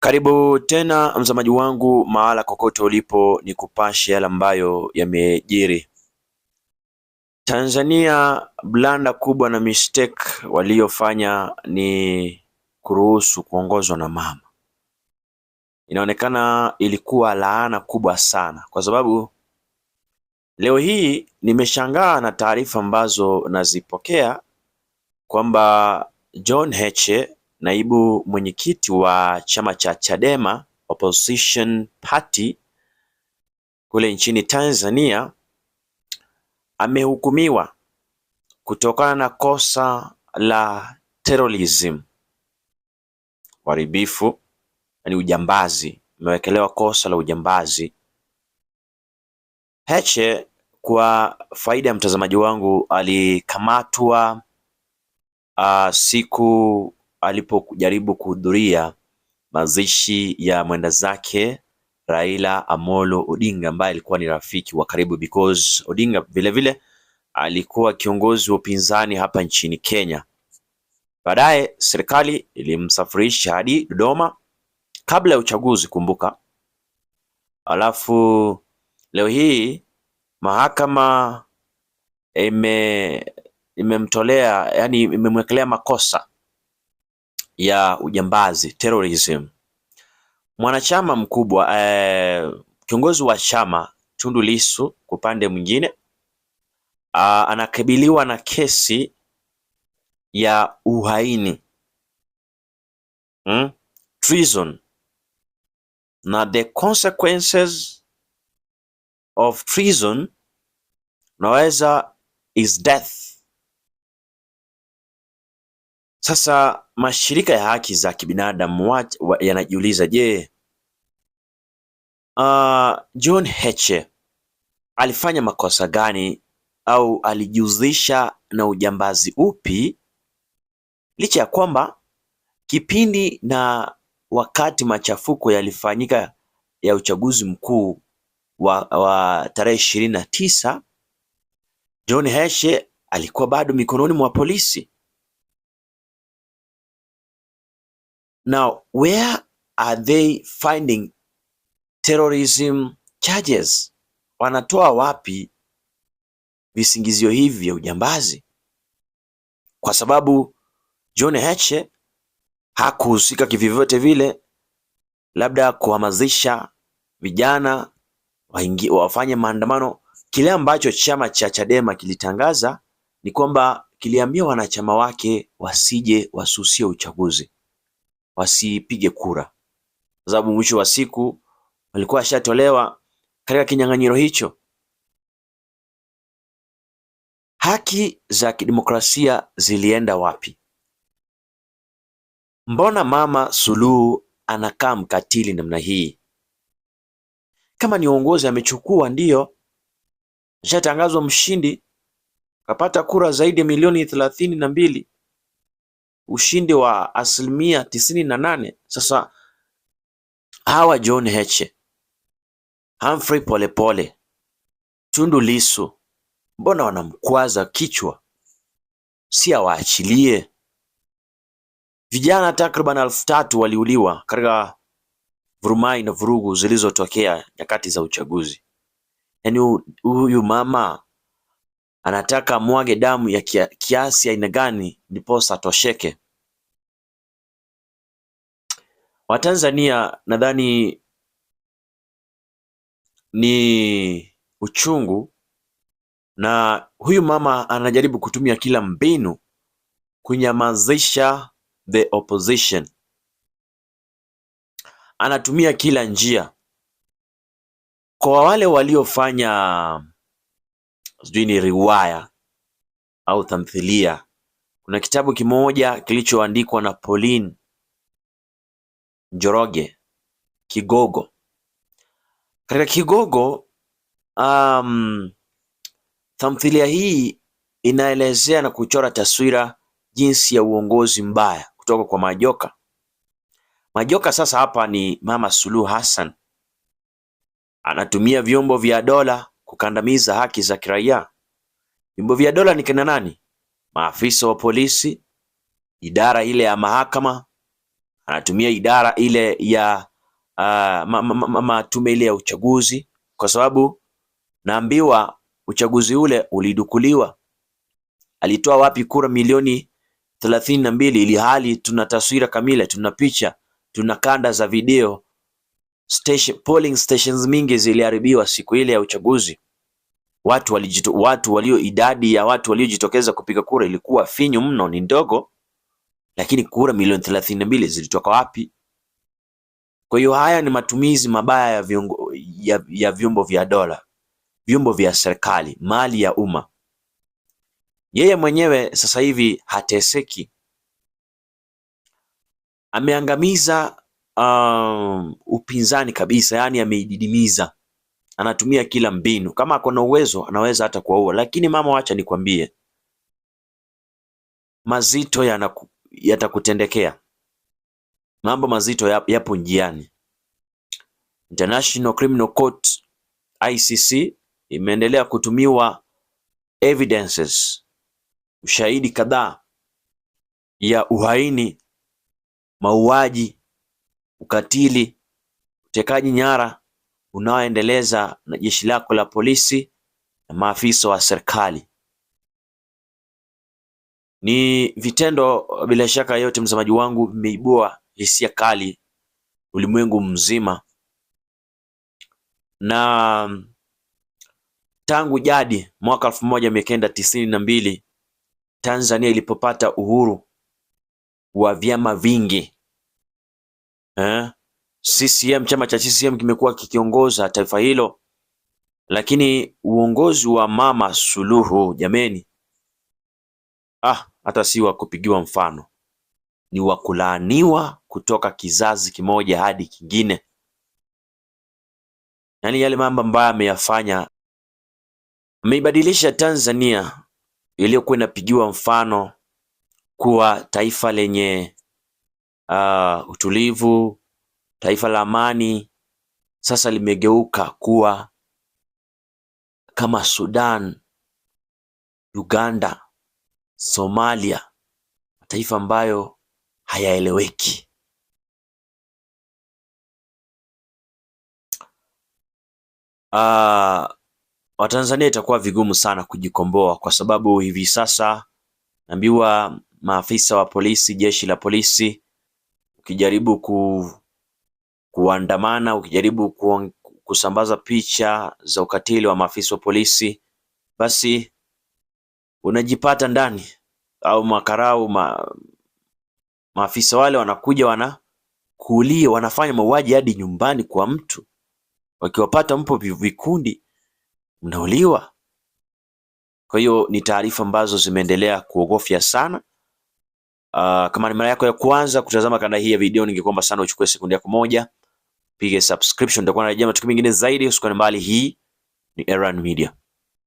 Karibu tena mzamaji wangu mahala kokote ulipo, ni kupashe yale ambayo yamejiri Tanzania. Blanda kubwa na mistake waliyofanya ni kuruhusu kuongozwa na mama. Inaonekana ilikuwa laana kubwa sana, kwa sababu leo hii nimeshangaa na taarifa ambazo nazipokea kwamba John Heche naibu mwenyekiti wa chama cha Chadema Opposition Party kule nchini Tanzania amehukumiwa kutokana na kosa la terrorism, uharibifu, ni ujambazi, amewekelewa kosa la ujambazi. Heche, kwa faida ya mtazamaji wangu, alikamatwa uh, siku alipojaribu kuhudhuria mazishi ya mwenda zake Raila Amolo Odinga ambaye alikuwa ni rafiki wa karibu, because Odinga vilevile vile, alikuwa kiongozi wa upinzani hapa nchini Kenya. Baadaye serikali ilimsafirisha hadi Dodoma kabla ya uchaguzi, kumbuka. Alafu leo hii mahakama ime imemtolea yani, imemwekelea makosa ya ujambazi terrorism. Mwanachama mkubwa eh, kiongozi wa chama Tundu Lissu kwa upande mwingine ah, anakabiliwa na kesi ya uhaini hmm? treason na the consequences of treason naweza is death sasa mashirika ya haki za kibinadamu yanajiuliza, je, uh, John Heche alifanya makosa gani au alijihusisha na ujambazi upi, licha ya kwamba kipindi na wakati machafuko yalifanyika ya uchaguzi mkuu wa, wa tarehe ishirini na tisa John Heche alikuwa bado mikononi mwa polisi. Now, where are they finding terrorism charges? Wanatoa wapi visingizio hivi vya ujambazi? Kwa sababu John Heche hakuhusika kivyovyote vile, labda kuhamasisha vijana waingi, wafanye maandamano. Kile ambacho chama cha Chadema kilitangaza ni kwamba kiliambia wanachama wake wasije wasusie uchaguzi wasipige kura, kwa sababu mwisho wa siku walikuwa washatolewa katika kinyang'anyiro hicho. Haki za kidemokrasia zilienda wapi? Mbona Mama Suluhu anakaa mkatili namna hii? Kama ni uongozi amechukua, ndiyo ashatangazwa mshindi, kapata kura zaidi ya milioni thelathini na mbili, ushindi wa asilimia tisini na nane. Sasa hawa John Heche, Humphrey Polepole, Tundu Lisu, mbona wanamkwaza kichwa? Si awaachilie vijana takriban elfu tatu waliuliwa katika vurumai na vurugu zilizotokea nyakati za uchaguzi. Yaani huyu mama anataka amwage damu ya kiasi aina gani ndiposa atosheke? Watanzania, nadhani ni uchungu, na huyu mama anajaribu kutumia kila mbinu kunyamazisha the opposition. Anatumia kila njia kwa wale waliofanya sijui ni riwaya au tamthilia. Kuna kitabu kimoja kilichoandikwa na Pauline Njoroge Kigogo. Katika Kigogo, um, tamthilia hii inaelezea na kuchora taswira jinsi ya uongozi mbaya kutoka kwa majoka. Majoka sasa hapa ni Mama Suluhu Hassan, anatumia vyombo vya dola kukandamiza haki za kiraia? Vyombo vya dola ni kina nani? Maafisa wa polisi, idara ile ya mahakama, anatumia idara ile ya uh, ma, ma, ma, ma, tume ile ya uchaguzi, kwa sababu naambiwa uchaguzi ule ulidukuliwa. Alitoa wapi kura milioni thelathini na mbili ili hali tuna taswira kamili, tuna picha, tuna kanda za video station, polling stations mingi ziliharibiwa siku ile ya uchaguzi. Watu walijitu, watu walio idadi ya watu waliojitokeza kupiga kura ilikuwa finyu mno, ni ndogo, lakini kura milioni thelathini na mbili zilitoka wapi? Kwa hiyo haya ni matumizi mabaya ya vyombo ya, ya vyombo vya dola, vyombo vya serikali, mali ya umma. Yeye mwenyewe sasa hivi hateseki, ameangamiza um, upinzani kabisa, yani ameididimiza, anatumia kila mbinu. Kama ako na uwezo anaweza hata kuwaua, lakini mama, wacha nikwambie, mazito yatakutendekea, ya mambo mazito yapo njiani. International Criminal Court ICC imeendelea kutumiwa evidences, ushahidi kadhaa ya uhaini, mauaji ukatili, utekaji nyara unaoendeleza na jeshi lako la polisi na maafisa wa serikali. Ni vitendo bila shaka yote, msamaji wangu, vimeibua hisia kali ulimwengu mzima, na tangu jadi mwaka elfu moja mia kenda tisini na mbili Tanzania ilipopata uhuru wa vyama vingi eh? CCM, chama cha CCM kimekuwa kikiongoza taifa hilo, lakini uongozi wa mama Suluhu jameni, ah, hata si wa kupigiwa mfano, ni wa kulaaniwa kutoka kizazi kimoja hadi kingine. Yaani yale mambo ambayo ameyafanya, ameibadilisha Tanzania iliyokuwa inapigiwa mfano kuwa taifa lenye uh, utulivu, taifa la amani sasa limegeuka kuwa kama Sudan, Uganda, Somalia, mataifa ambayo hayaeleweki. Uh, Watanzania itakuwa vigumu sana kujikomboa kwa sababu hivi sasa naambiwa maafisa wa polisi, jeshi la polisi ukijaribu kuandamana, ukijaribu kusambaza picha za ukatili wa maafisa wa polisi, basi unajipata ndani au makarau ma, maafisa wale wanakuja wanakuulia, wanafanya mauaji hadi nyumbani kwa mtu. Wakiwapata mpo vikundi, mnauliwa. Kwa hiyo ni taarifa ambazo zimeendelea kuogofya sana Uh, kama ni mara yako ya kwanza kutazama kanda hii ya video, ningekuomba sana uchukue sekunde yako moja, pige subscription, nitakuwa na matukio mengine zaidi. Usikane mbali, hii ni Erhan Media.